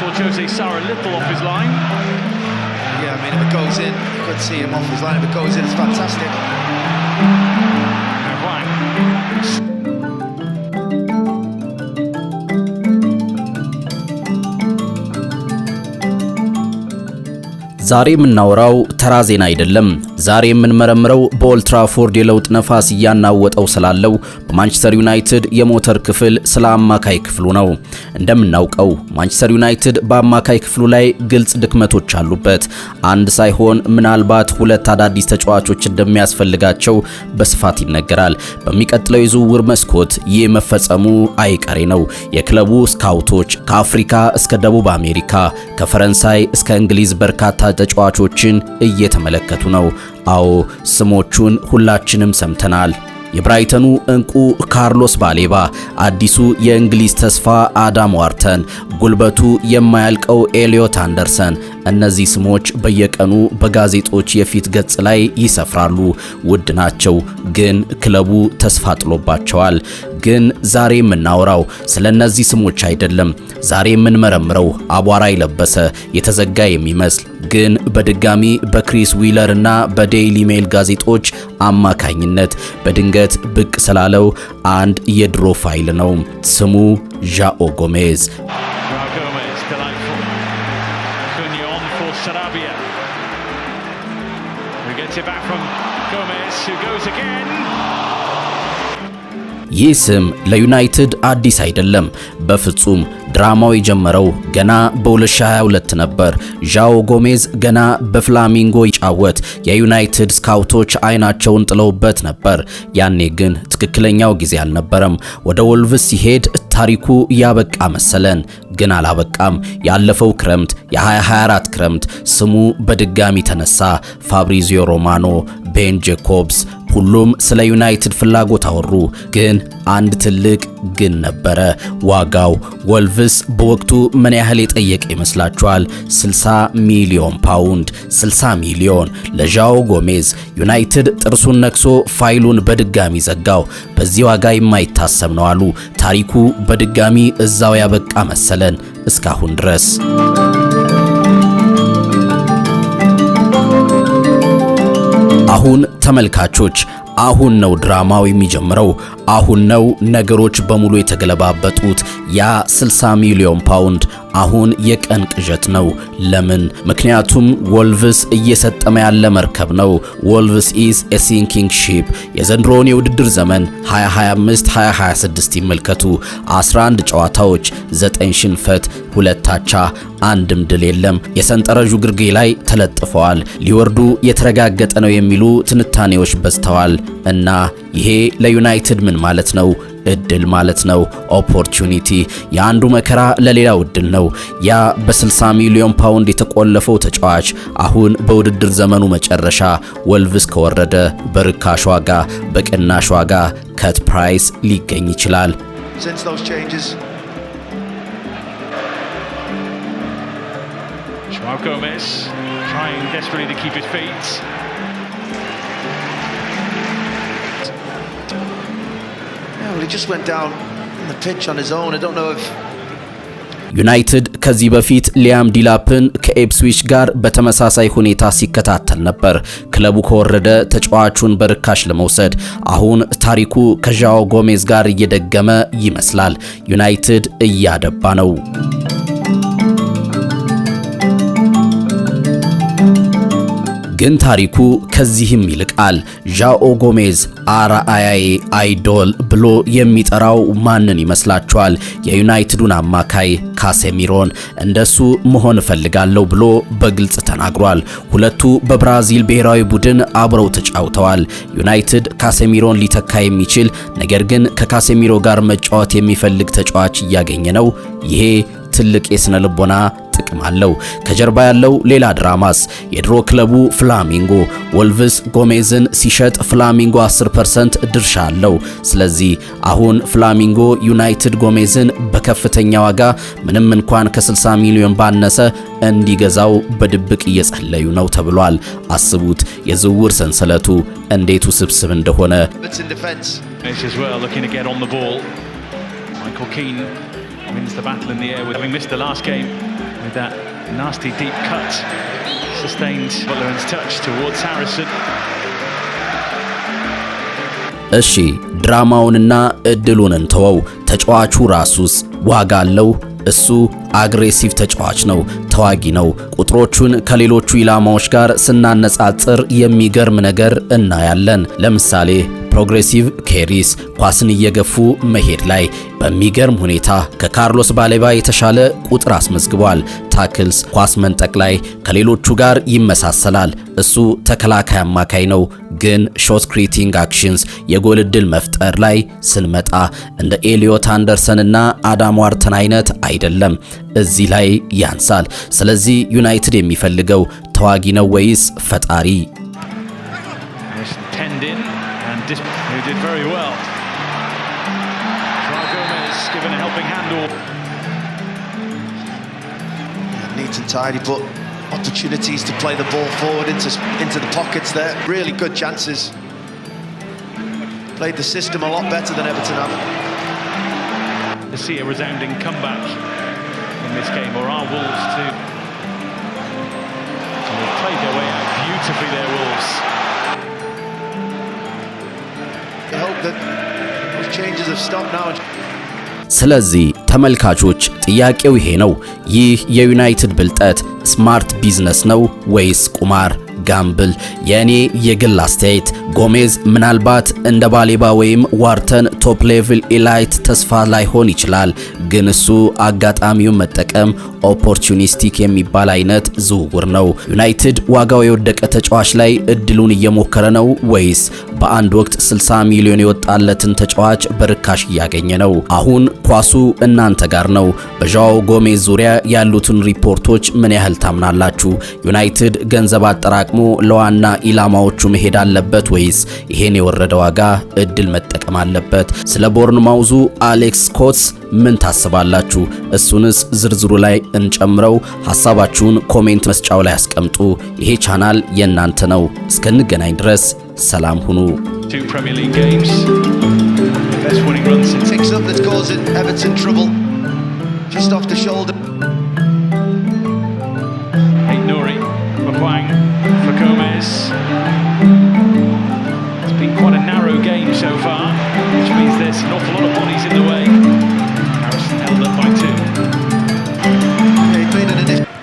saw Jose Sarr a little off his line. Yeah, I mean, if it goes in, you could see him off his line. If it goes in, it's fantastic. ዛሬ የምናወራው ተራ ዜና አይደለም። ዛሬ የምንመረምረው በኦልትራፎርድ የለውጥ ነፋስ እያናወጠው ስላለው በማንቸስተር ዩናይትድ የሞተር ክፍል ስለ አማካይ ክፍሉ ነው። እንደምናውቀው ማንቸስተር ዩናይትድ በአማካይ ክፍሉ ላይ ግልጽ ድክመቶች አሉበት። አንድ ሳይሆን ምናልባት ሁለት አዳዲስ ተጫዋቾች እንደሚያስፈልጋቸው በስፋት ይነገራል። በሚቀጥለው የዝውውር መስኮት ይህ መፈጸሙ አይቀሬ ነው። የክለቡ ስካውቶች ከአፍሪካ እስከ ደቡብ አሜሪካ ከፈረንሳይ እስከ እንግሊዝ በርካታ ተጫዋቾችን እየተመለከቱ ነው። አዎ ስሞቹን ሁላችንም ሰምተናል። የብራይተኑ እንቁ ካርሎስ ባሌባ፣ አዲሱ የእንግሊዝ ተስፋ አዳም ዋርተን፣ ጉልበቱ የማያልቀው ኤሊዮት አንደርሰን እነዚህ ስሞች በየቀኑ በጋዜጦች የፊት ገጽ ላይ ይሰፍራሉ። ውድ ናቸው፣ ግን ክለቡ ተስፋ ጥሎባቸዋል። ግን ዛሬ የምናወራው ስለ እነዚህ ስሞች አይደለም። ዛሬ የምንመረምረው አቧራ የለበሰ የተዘጋ የሚመስል ግን በድጋሚ በክሪስ ዊለር እና በዴይሊ ሜል ጋዜጦች አማካኝነት በድንገት ብቅ ስላለው አንድ የድሮ ፋይል ነው። ስሙ ዣኦ ጎሜዝ ይህ ስም ለዩናይትድ አዲስ አይደለም በፍጹም። ድራማው የጀመረው ገና በ2022 ነበር። ዣኦ ጎሜዝ ገና በፍላሚንጎ ይጫወት የዩናይትድ ስካውቶች አይናቸውን ጥለውበት ነበር። ያኔ ግን ትክክለኛው ጊዜ አልነበረም። ወደ ወልቭስ ሲሄድ ታሪኩ ያበቃ መሰለን፣ ግን አላበቃም። ያለፈው ክረምት የ2024 ክረምት ስሙ በድጋሚ ተነሳ። ፋብሪዚዮ ሮማኖ፣ ቤን ጄኮብስ ሁሉም ስለ ዩናይትድ ፍላጎት አወሩ። ግን አንድ ትልቅ ግን ነበረ። ዋጋው። ወልቭስ በወቅቱ ምን ያህል የጠየቀ ይመስላችኋል? 60 ሚሊዮን ፓውንድ። 60 ሚሊዮን ለዣኦ ጎሜዝ። ዩናይትድ ጥርሱን ነክሶ ፋይሉን በድጋሚ ዘጋው። በዚህ ዋጋ የማይታሰብ ነው አሉ። ታሪኩ በድጋሚ እዛው ያበቃ መሰለን እስካሁን ድረስ አሁን ተመልካቾች አሁን ነው ድራማው የሚጀምረው። አሁን ነው ነገሮች በሙሉ የተገለባበጡት። ያ 60 ሚሊዮን ፓውንድ አሁን የቀን ቅዠት ነው። ለምን? ምክንያቱም ወልቭስ እየሰጠመ ያለ መርከብ ነው። ወልቭስ ኢዝ ኤ ሲንኪንግ ሺፕ። የዘንድሮውን የውድድር ዘመን 2025 2026 ይመልከቱ። 11 ጨዋታዎች፣ 9 ሽንፈት፣ ሁለት አቻ፣ አንድም ድል የለም። የሰንጠረዡ ግርጌ ላይ ተለጥፈዋል። ሊወርዱ የተረጋገጠ ነው የሚሉ ትንታኔዎች በዝተዋል። እና ይሄ ለዩናይትድ ምን ማለት ነው? እድል ማለት ነው። ኦፖርቹኒቲ። የአንዱ መከራ ለሌላው እድል ነው። ነው። ያ በ60 ሚሊዮን ፓውንድ የተቆለፈው ተጫዋች አሁን በውድድር ዘመኑ መጨረሻ ወልቭስ ከወረደ በርካሽ ዋጋ፣ በቅናሽ ዋጋ ከት ፕራይስ ሊገኝ ይችላል። Well, he just went down on the pitch on his own. I don't know if ዩናይትድ ከዚህ በፊት ሊያም ዲላፕን ከኤፕስዊች ጋር በተመሳሳይ ሁኔታ ሲከታተል ነበር። ክለቡ ከወረደ ተጫዋቹን በርካሽ ለመውሰድ አሁን ታሪኩ ከዣኦ ጎሜዝ ጋር እየደገመ ይመስላል። ዩናይትድ እያደባ ነው። ግን ታሪኩ ከዚህም ይልቃል። ዣኦ ጎሜዝ አርአያዬ አይዶል ብሎ የሚጠራው ማንን ይመስላችኋል? የዩናይትዱን አማካይ ካሴሚሮን እንደሱ መሆን እፈልጋለሁ ብሎ በግልጽ ተናግሯል። ሁለቱ በብራዚል ብሔራዊ ቡድን አብረው ተጫውተዋል። ዩናይትድ ካሴሚሮን ሊተካ የሚችል ነገር ግን ከካሴሚሮ ጋር መጫወት የሚፈልግ ተጫዋች እያገኘ ነው። ይሄ ትልቅ የስነ ልቦና ጥቅም አለው። ከጀርባ ያለው ሌላ ድራማስ? የድሮ ክለቡ ፍላሚንጎ ወልቭስ ጎሜዝን ሲሸጥ ፍላሚንጎ 10% ድርሻ አለው። ስለዚህ አሁን ፍላሚንጎ ዩናይትድ ጎሜዝን በከፍተኛ ዋጋ ምንም እንኳን ከ60 ሚሊዮን ባነሰ እንዲገዛው በድብቅ እየጸለዩ ነው ተብሏል። አስቡት የዝውውር ሰንሰለቱ እንዴት ውስብስብ እንደሆነ Wins the battle in the air, with having missed the last game with that nasty deep cut. Sustained Butler's touch towards Harrison. እሺ ድራማውንና እድሉን እንተወው። ተጫዋቹ ራሱስ ዋጋ አለው? እሱ አግሬሲቭ ተጫዋች ነው፣ ተዋጊ ነው። ቁጥሮቹን ከሌሎቹ ኢላማዎች ጋር ስናነጻጽር የሚገርም ነገር እናያለን። ለምሳሌ ፕሮግሬሲቭ ኬሪስ ኳስን እየገፉ መሄድ ላይ በሚገርም ሁኔታ ከካርሎስ ባሌባ የተሻለ ቁጥር አስመዝግቧል። ታክልስ ኳስ መንጠቅ ላይ ከሌሎቹ ጋር ይመሳሰላል። እሱ ተከላካይ አማካይ ነው። ግን ሾት ክሪቲንግ አክሽንስ የጎል እድል መፍጠር ላይ ስንመጣ እንደ ኤሊዮት አንደርሰን እና አዳም ዋርተን አይነት አይደለም። እዚህ ላይ ያንሳል። ስለዚህ ዩናይትድ የሚፈልገው ተዋጊ ነው ወይስ ፈጣሪ This penned in and who did very well. Joao Gomez given a helping handle. Yeah, neat and tidy, but opportunities to play the ball forward into, into the pockets there. Really good chances. Played the system a lot better than Everton have. To see a resounding comeback in this game, or are Wolves to, to play their way ስለዚህ ተመልካቾች ጥያቄው ይሄ ነው። ይህ የዩናይትድ ብልጠት ስማርት ቢዝነስ ነው ወይስ ቁማር ጋምብል? የእኔ የግል አስተያየት ጎሜዝ ምናልባት እንደ ባሌባ ወይም ዋርተን ቶፕ ሌቭል ኢላይት ተስፋ ላይሆን ይችላል፣ ግን እሱ አጋጣሚውን መጠቀም ኦፖርቹኒስቲክ የሚባል አይነት ዝውውር ነው። ዩናይትድ ዋጋው የወደቀ ተጫዋች ላይ እድሉን እየሞከረ ነው ወይስ በአንድ ወቅት 60 ሚሊዮን የወጣለትን ተጫዋች በርካሽ እያገኘ ነው? አሁን ኳሱ እናንተ ጋር ነው። በዣኦ ጎሜዝ ዙሪያ ያሉትን ሪፖርቶች ምን ያህል ታምናላችሁ? ዩናይትድ ገንዘብ አጠራቅሞ ለዋና ኢላማዎቹ መሄድ አለበት ወይስ ይሄን የወረደ ዋጋ እድል መጠቀም አለበት? ስለ ቦርንማውዙ አሌክስ ኮትስ ምን ታስባላችሁ? እሱንስ ዝርዝሩ ላይ እንጨምረው። ሐሳባችሁን ኮሜንት መስጫው ላይ አስቀምጡ። ይሄ ቻናል የእናንተ ነው። እስከንገናኝ ድረስ ሰላም ሁኑ።